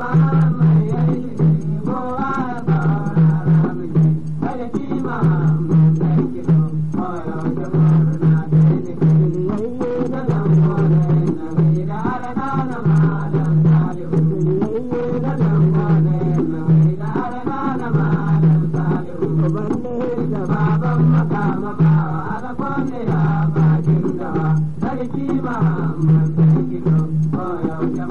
sarki ba mai sarki ba ya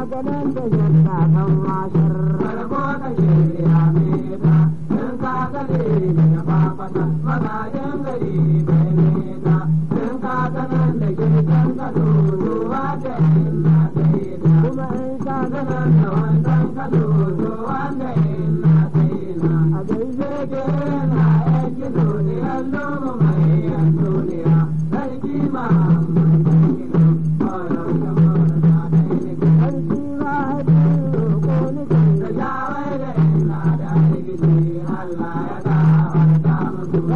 maganin da yadda kan washar. Farko in ka gale ne in ka sanar da girkan ka dodo wa ta yin na Kuma in ka sanar da wannan ka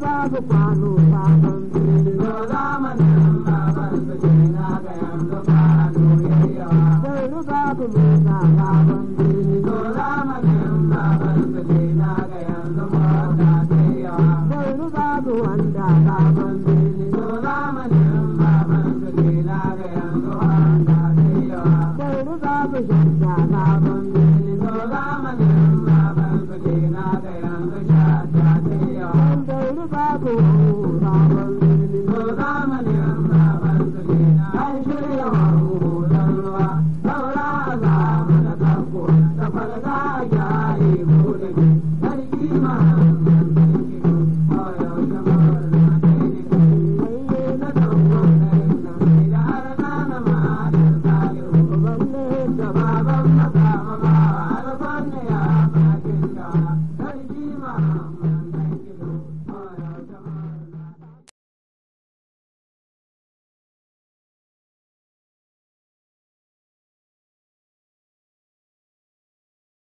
yanzu za su kwano sabon fili. Zo zamanin babar su ke na ga yanzu kwano yayyawa. Yanzu za su nuna sabon fili. zamanin babar su ke na ga yanzu kwano yayyawa. Yanzu za su wanda sabon fili. zamanin babar su ke na ga yanzu kwano yayyawa. Yanzu za su shanta sabon I'm Malaga.